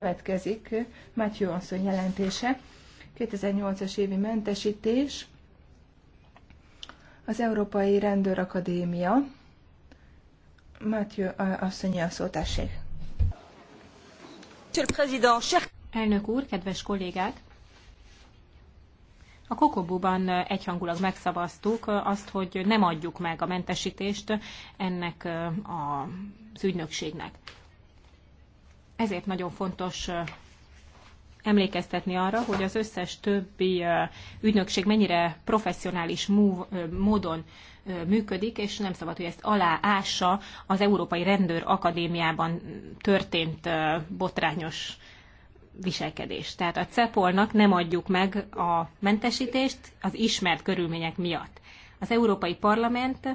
Következik Matthew asszony jelentése, 2008-as évi mentesítés, az Európai Rendőr Akadémia. Matthew asszonyi a szótesség. Elnök úr, kedves kollégák! A Kokobuban egyhangulag megszavaztuk azt, hogy nem adjuk meg a mentesítést ennek az ügynökségnek ezért nagyon fontos emlékeztetni arra, hogy az összes többi ügynökség mennyire professzionális módon működik, és nem szabad, hogy ezt aláássa az Európai Rendőr Akadémiában történt botrányos viselkedés. Tehát a CEPOL-nak nem adjuk meg a mentesítést az ismert körülmények miatt. Az Európai Parlament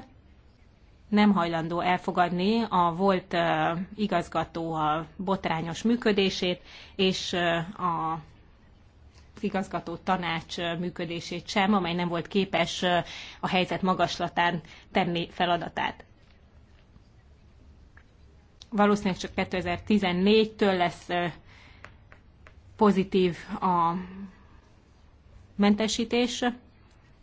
nem hajlandó elfogadni a volt igazgató a botrányos működését, és a igazgató tanács működését sem, amely nem volt képes a helyzet magaslatán tenni feladatát. Valószínűleg csak 2014-től lesz pozitív a mentesítés,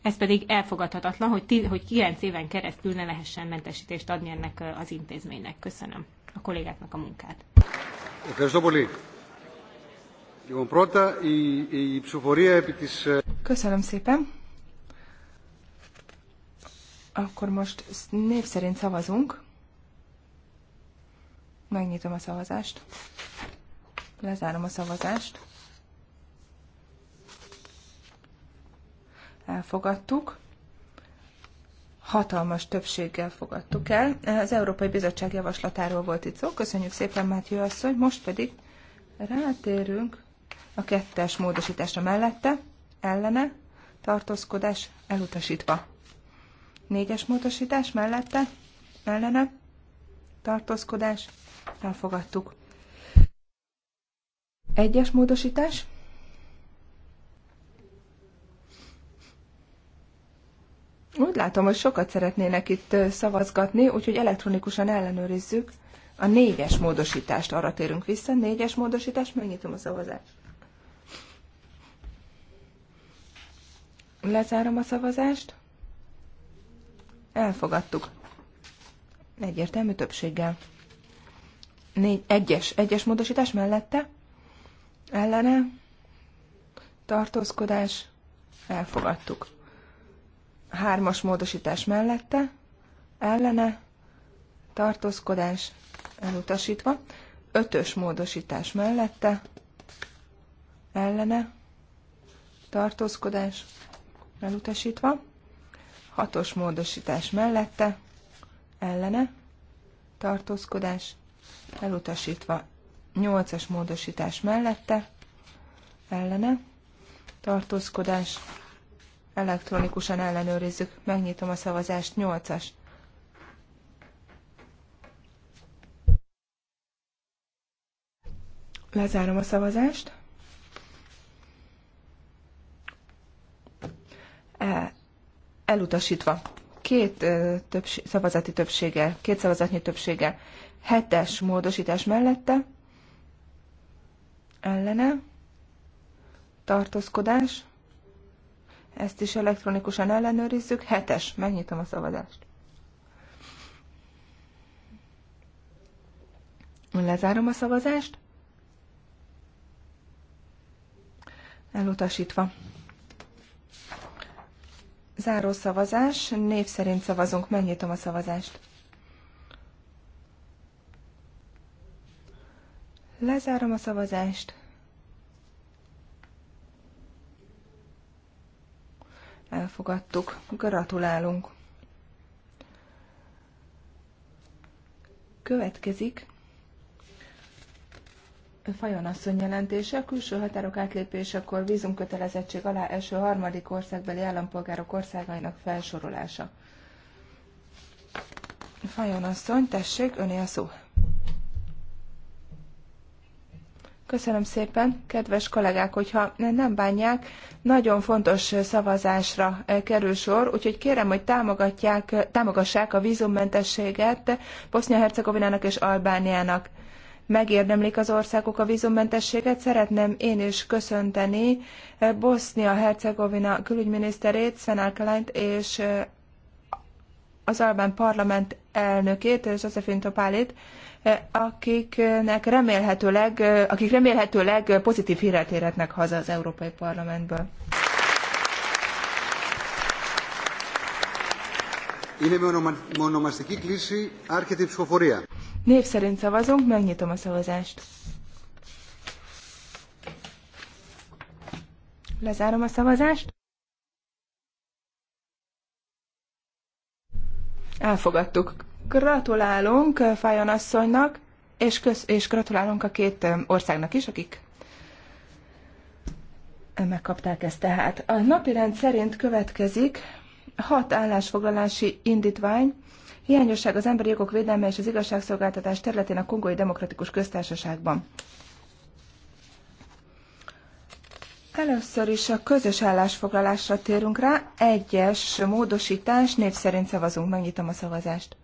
ez pedig elfogadhatatlan, hogy, tíz, hogy 9 éven keresztül ne lehessen mentesítést adni ennek az intézménynek. Köszönöm a kollégáknak a munkát. Köszönöm szépen. Akkor most név szerint szavazunk. Megnyitom a szavazást. Lezárom a szavazást. elfogadtuk, hatalmas többséggel fogadtuk el. Az Európai Bizottság javaslatáról volt itt szó. Köszönjük szépen, Mátyő asszony. Most pedig rátérünk a kettes módosításra mellette, ellene, tartózkodás elutasítva. Négyes módosítás mellette, ellene, tartózkodás, elfogadtuk. Egyes módosítás, Úgy látom, hogy sokat szeretnének itt szavazgatni, úgyhogy elektronikusan ellenőrizzük. A négyes módosítást arra térünk vissza. Négyes módosítást, megnyitom a szavazást. Lezárom a szavazást. Elfogadtuk. Egyértelmű többséggel. Négy, egyes, egyes módosítás mellette. Ellene. Tartózkodás. Elfogadtuk. Hármas módosítás mellette, ellene, tartózkodás elutasítva. Ötös módosítás mellette, ellene, tartózkodás elutasítva. Hatos módosítás mellette, ellene, tartózkodás elutasítva. Nyolcas módosítás mellette, ellene, tartózkodás elektronikusan ellenőrizzük. Megnyitom a szavazást, 8-as. Lezárom a szavazást. E, elutasítva. Két többség, szavazati többséggel, két szavazatnyi többséggel. Hetes módosítás mellette. Ellene. Tartózkodás ezt is elektronikusan ellenőrizzük. Hetes. Megnyitom a szavazást. Lezárom a szavazást. Elutasítva. Záró szavazás. Név szerint szavazunk. Megnyitom a szavazást. Lezárom a szavazást. elfogadtuk. Gratulálunk! Következik Fajon asszony jelentése, a külső határok átlépésekor vízumkötelezettség alá eső harmadik országbeli állampolgárok országainak felsorolása. Fajon tessék, öné a szó. Köszönöm szépen, kedves kollégák, hogyha nem bánják, nagyon fontos szavazásra eh, kerül sor, úgyhogy kérem, hogy támogatják, eh, támogassák a vízummentességet Bosznia-Hercegovinának és Albániának. Megérdemlik az országok a vízummentességet, szeretném én is köszönteni eh, Bosznia-Hercegovina külügyminiszterét, Sven és az Albán parlament elnökét, Josephine Topálit, eh, akiknek remélhetőleg, eh, akik remélhetőleg pozitív híret érhetnek haza az Európai Parlamentből. Név szerint szavazunk, megnyitom a szavazást. Lezárom a szavazást. Elfogadtuk. Gratulálunk eh, Fájon asszonynak, és, köz, és gratulálunk a két eh, országnak is, akik megkapták ezt tehát. A napirend szerint következik hat állásfoglalási indítvány, hiányosság az emberi jogok védelme és az igazságszolgáltatás területén a Kongói Demokratikus Köztársaságban. Először is a közös állásfoglalásra térünk rá. Egyes módosítás, név szerint szavazunk. Megnyitom a szavazást.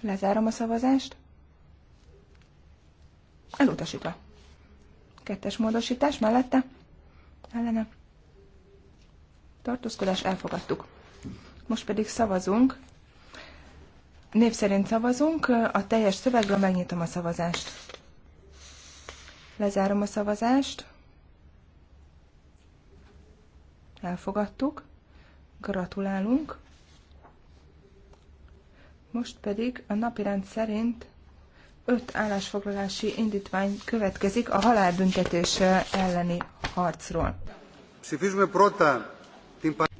Lezárom a szavazást. Elutasítva. Kettes módosítás mellette. Ellene. Tartózkodás elfogadtuk. Most pedig szavazunk. Név szerint szavazunk. A teljes szövegről megnyitom a szavazást. Lezárom a szavazást. Elfogadtuk. Gratulálunk. Most pedig a napirend szerint öt állásfoglalási indítvány következik a halálbüntetés elleni harcról.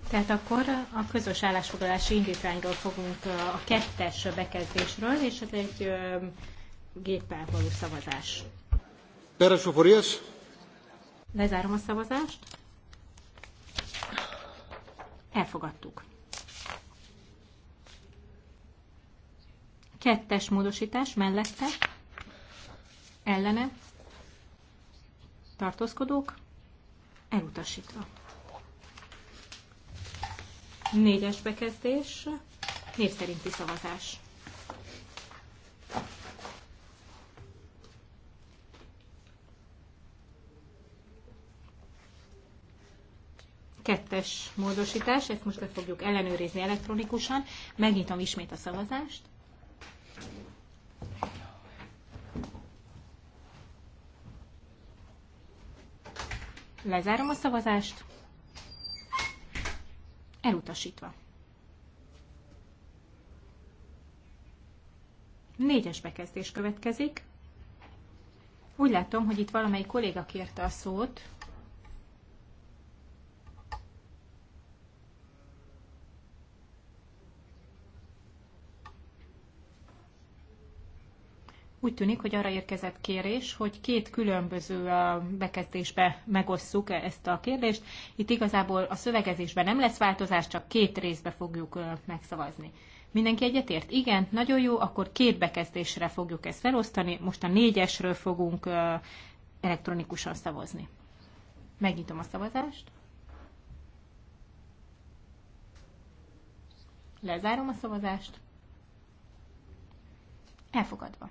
Tehát akkor a közös állásfoglalási indítványról fogunk a kettes bekezdésről, és ez egy géppel való szavazás. Πέρας Lezárom a szavazást. Elfogadtuk. Kettes módosítás mellette. Ellene. Tartózkodók. Elutasítva. Négyes bekezdés. Név szerinti szavazás. kettes módosítás, ezt most meg fogjuk ellenőrizni elektronikusan. Megnyitom ismét a szavazást. Lezárom a szavazást. Elutasítva. Négyes bekezdés következik. Úgy látom, hogy itt valamelyik kolléga kérte a szót. Úgy tűnik, hogy arra érkezett kérés, hogy két különböző bekezdésbe megosszuk ezt a kérdést. Itt igazából a szövegezésben nem lesz változás, csak két részbe fogjuk megszavazni. Mindenki egyetért? Igen, nagyon jó, akkor két bekezdésre fogjuk ezt felosztani. Most a négyesről fogunk elektronikusan szavazni. Megnyitom a szavazást. Lezárom a szavazást. Elfogadva.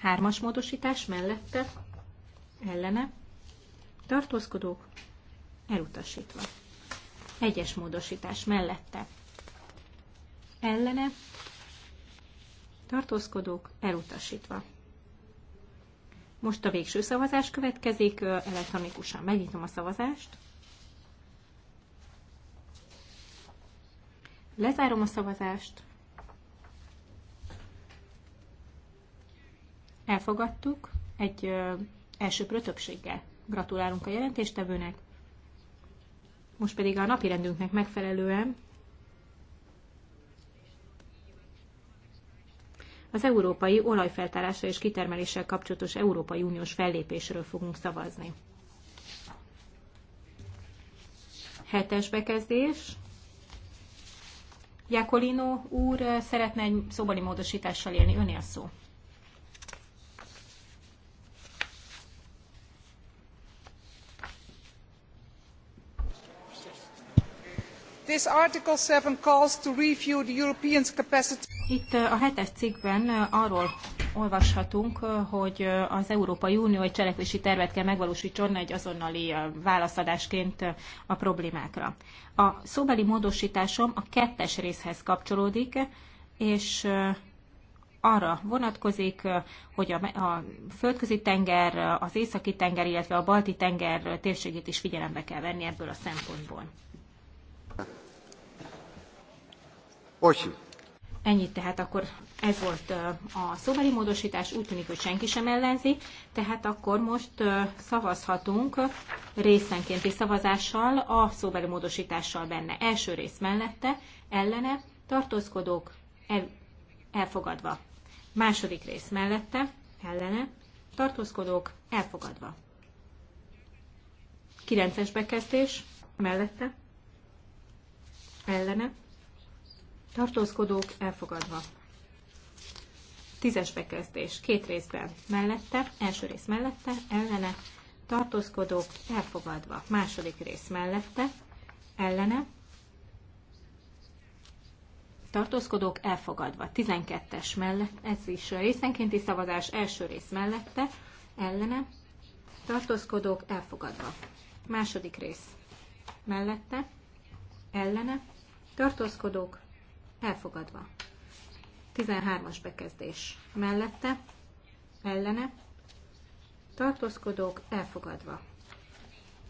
Hármas módosítás mellette, ellene, tartózkodók, elutasítva. Egyes módosítás mellette, ellene, tartózkodók, elutasítva. Most a végső szavazás következik, elektronikusan megnyitom a szavazást. Lezárom a szavazást. elfogadtuk egy ö, elsőprő többséggel. Gratulálunk a jelentéstevőnek. Most pedig a napirendünknek megfelelően az európai olajfeltárásra és kitermeléssel kapcsolatos Európai Uniós fellépésről fogunk szavazni. Hetes bekezdés. Jakolino úr szeretne egy szobali módosítással élni. Öné a szó. This Article 7 calls to review the European's capacity. Itt a hetes cikkben arról olvashatunk, hogy az Európai Unió egy cselekvési tervet kell megvalósítson egy azonnali válaszadásként a problémákra. A szóbeli módosításom a kettes részhez kapcsolódik, és arra vonatkozik, hogy a, a földközi tenger, az északi tenger, illetve a balti tenger térségét is figyelembe kell venni ebből a szempontból. Ennyit tehát akkor ez volt a szóbeli módosítás, úgy tűnik, hogy senki sem ellenzi, tehát akkor most szavazhatunk részenkénti szavazással, a szóbeli módosítással benne. Első rész mellette, ellene, tartózkodók, el, elfogadva. Második rész mellette, ellene, tartózkodók, elfogadva. Kilences bekezdés, mellette, ellene, tartózkodók elfogadva. Tízes bekezdés, két részben mellette, első rész mellette, ellene, tartózkodók elfogadva. Második rész mellette, ellene, tartózkodók elfogadva. 12-es mellett, ez is részenkénti szavazás, első rész mellette, ellene, tartózkodók elfogadva. Második rész mellette, ellene, tartózkodók, elfogadva. 13-as bekezdés mellette, ellene, tartózkodók, elfogadva.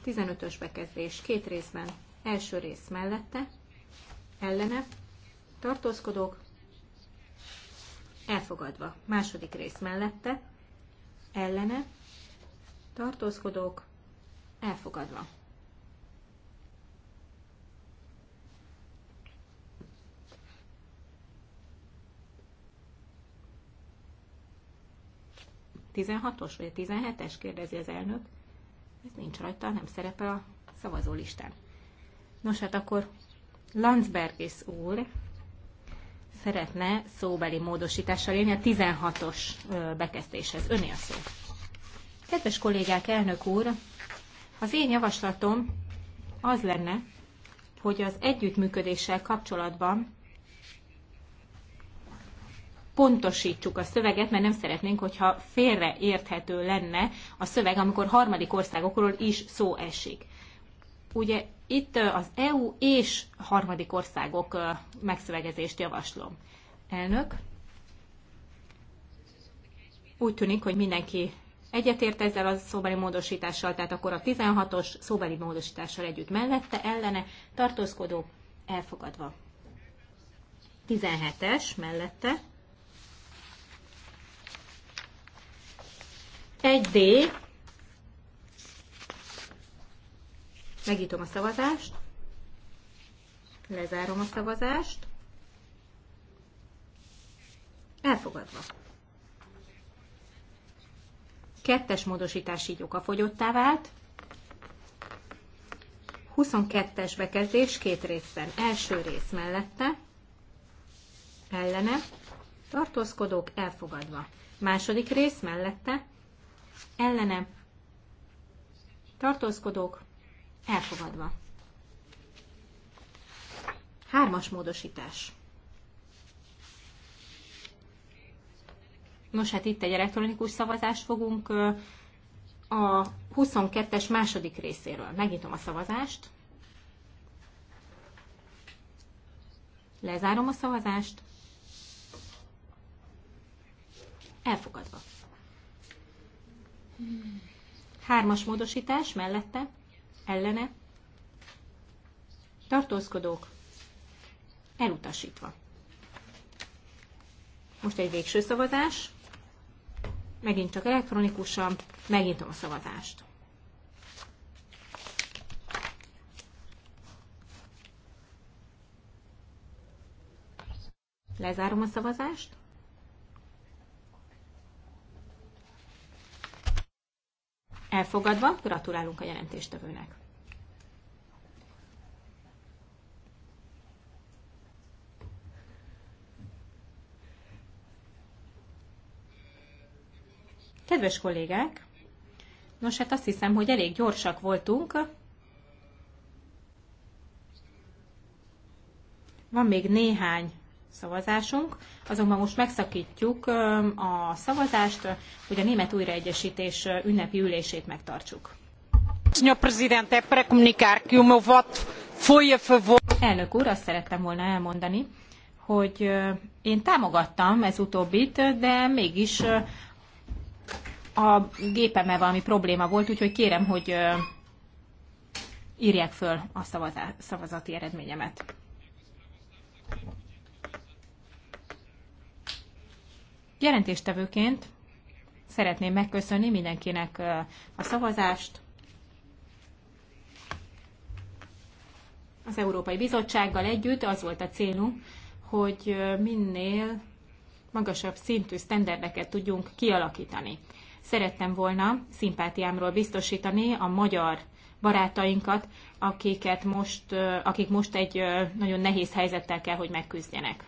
15-ös bekezdés két részben, első rész mellette, ellene, tartózkodók, elfogadva. Második rész mellette, ellene, tartózkodók, elfogadva. 16-os vagy a 17-es? kérdezi az elnök. Ez nincs rajta, nem szerepel a szavazólistán. Nos, hát akkor Landsbergis úr szeretne szóbeli módosítással élni a 16-os bekezdéshez. Önél szó. Kedves kollégák, elnök úr, az én javaslatom az lenne, hogy az együttműködéssel kapcsolatban pontosítsuk a szöveget, mert nem szeretnénk, hogyha félreérthető lenne a szöveg, amikor harmadik országokról is szó esik. Ugye itt az EU és harmadik országok megszövegezést javaslom. Elnök, úgy tűnik, hogy mindenki egyetért ezzel a szóbeli módosítással, tehát akkor a 16-os szóbeli módosítással együtt mellette, ellene, tartózkodó, elfogadva. 17-es mellette, 1D. Megítom a szavazást. Lezárom a szavazást. Elfogadva. Kettes módosítás így okafogyottá vált. 22-es bekezdés két részben. Első rész mellette, ellene, tartózkodók elfogadva. Második rész mellette, ellene tartózkodók elfogadva. Hármas módosítás. Nos, hát itt egy elektronikus szavazást fogunk a 22-es második részéről. Megnyitom a szavazást. Lezárom a szavazást. Elfogadva. Hármas módosítás mellette, ellene, tartózkodók, elutasítva. Most egy végső szavazás, megint csak elektronikusan, megnyitom a szavazást. Lezárom a szavazást. Elfogadva, gratulálunk a jelentéstevőnek. Kedves kollégák, nos hát azt hiszem, hogy elég gyorsak voltunk. Van még néhány szavazásunk, azonban most megszakítjuk a szavazást, hogy a német újraegyesítés ünnepi ülését megtartsuk. a favor. Elnök úr, azt szerettem volna elmondani, hogy én támogattam ez utóbbit, de mégis a gépeme valami probléma volt, úgyhogy kérem, hogy írják föl a szavazati eredményemet. Jelentéstevőként szeretném megköszönni mindenkinek a szavazást. Az Európai Bizottsággal együtt az volt a célunk, hogy minél magasabb szintű sztenderdeket tudjunk kialakítani. Szerettem volna szimpátiámról biztosítani a magyar barátainkat, akiket most, akik most egy nagyon nehéz helyzettel kell, hogy megküzdjenek.